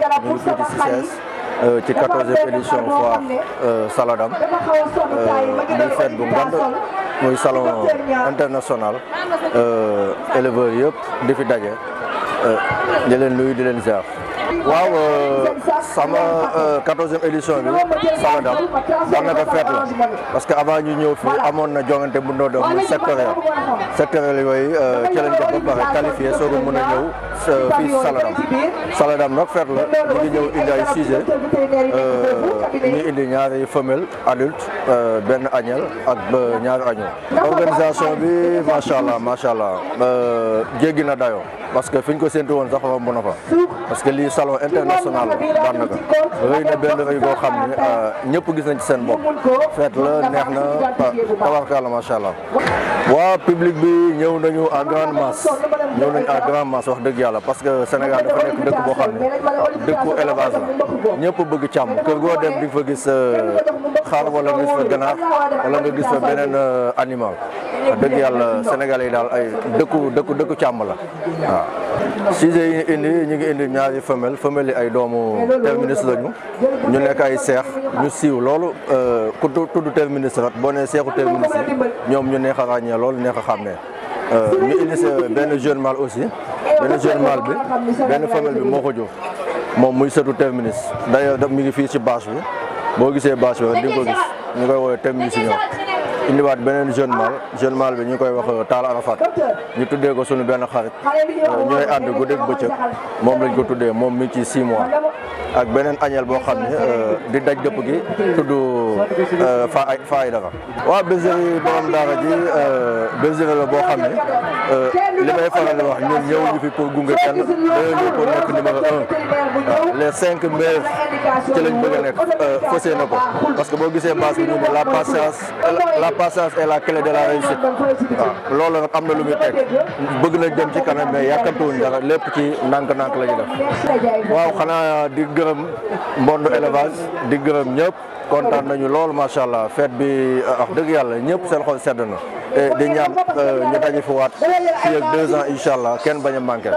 ñu euh, euh, ngi tudd Ciss ci quatorzième édition foire euh, Saladam muy fête bu ngand muy salon international éleveurs yëpp di fi daje di leen di leen ziar. waaw sama quatorzième édition bi Saladam daanaka fête la parce que avant ñu ñëw fii amoon na jongante bu noo doon muy sectoriel sectoriel yooyu ci lañ def ba pare mën a ñëw. Euh, fii Saladam Saladam nag fer la ñu ngi ñëw indi ay sujet ñu euh, indi ñaari femelle adulte euh, benn agnelle ak ñaari agneau organisation bi macha allah macha allah jéggi na dayo parce que fiñ ñu ko séntu woon sax romb na fa parce que lii salon international la daanaka rëy na benn rëy boo xam ne ñëpp gis nañ ci seen bopp feet la neex na tabarkaala macha allah waa public bi ñëw nañu à grande masse ñëw nañu à grande masse wax dëgg yàlla yàlla parce que Sénégal dafa nekk dëkk boo xam ne dëkku élevage la ñëpp bëgg càmm kër goo dem di fa gis euh, xaar wala nga gis fa nga gis beneen euh, animal dëgg yàlla Sénégal yi daal ay dëkku dëkku dëkku càmm la waaw. sujet yi indi ñu ngi indi ñaari femelle femelle yi ay doomu terminus lañu ñu nekk ay seex ñu siiw loolu euh, ku tudd terminus rat boo nee seexu terminus yi ñoom ñu neex ràññee loolu neex a xàmmee ñu indi benn jeune aussi. benn jeune mâle bi benn femelle bi moo ko jox moom muy sëtu Teef Minis d'ailleurs daf mi ngi fii ci bâche bi boo gisee bâche bi di nga ko gis ñu koy woowee Teef Minis ñoom indiwaat beneen jeune mâle jeune mâle bi ñu koy wax euh, Talla Arafat ñu tuddee ko suñu benn xarit euh, ñooy ànd guddeeg bëccëg moom lañ ko tuddee moom mi ci six mois ak beneen añeel boo xam ne euh, di daj dëpp gi tudd fa faay dafa waaw bergerie borom daara ji bergerie la boo xam ne li may faral di wax ñun ñëw ñu fi pour gunge kenn dañoo ñëw pour nekk numéro un les cinq meilleurs ci lañ bëgg nekk fësee na ko parce que boo gisee base bi ñu ne la patience patience est la clé de la réussite waaw ah, loolu nag am na lu muy teg bëgg nañ dem ci kanam mais yàkkamtuwuñ dara lépp ci ndànk-ndànk la ñu def waaw xanaa di gërëm mbondu élevage di gërëm ñëpp kontaan nañu lool macha allah fête bi euh, wax dëgg yàlla ñëpp seen xol sedd na te di ñaan euh, ñu daje fi waat fii deux ans incha allah kenn bañ a manqué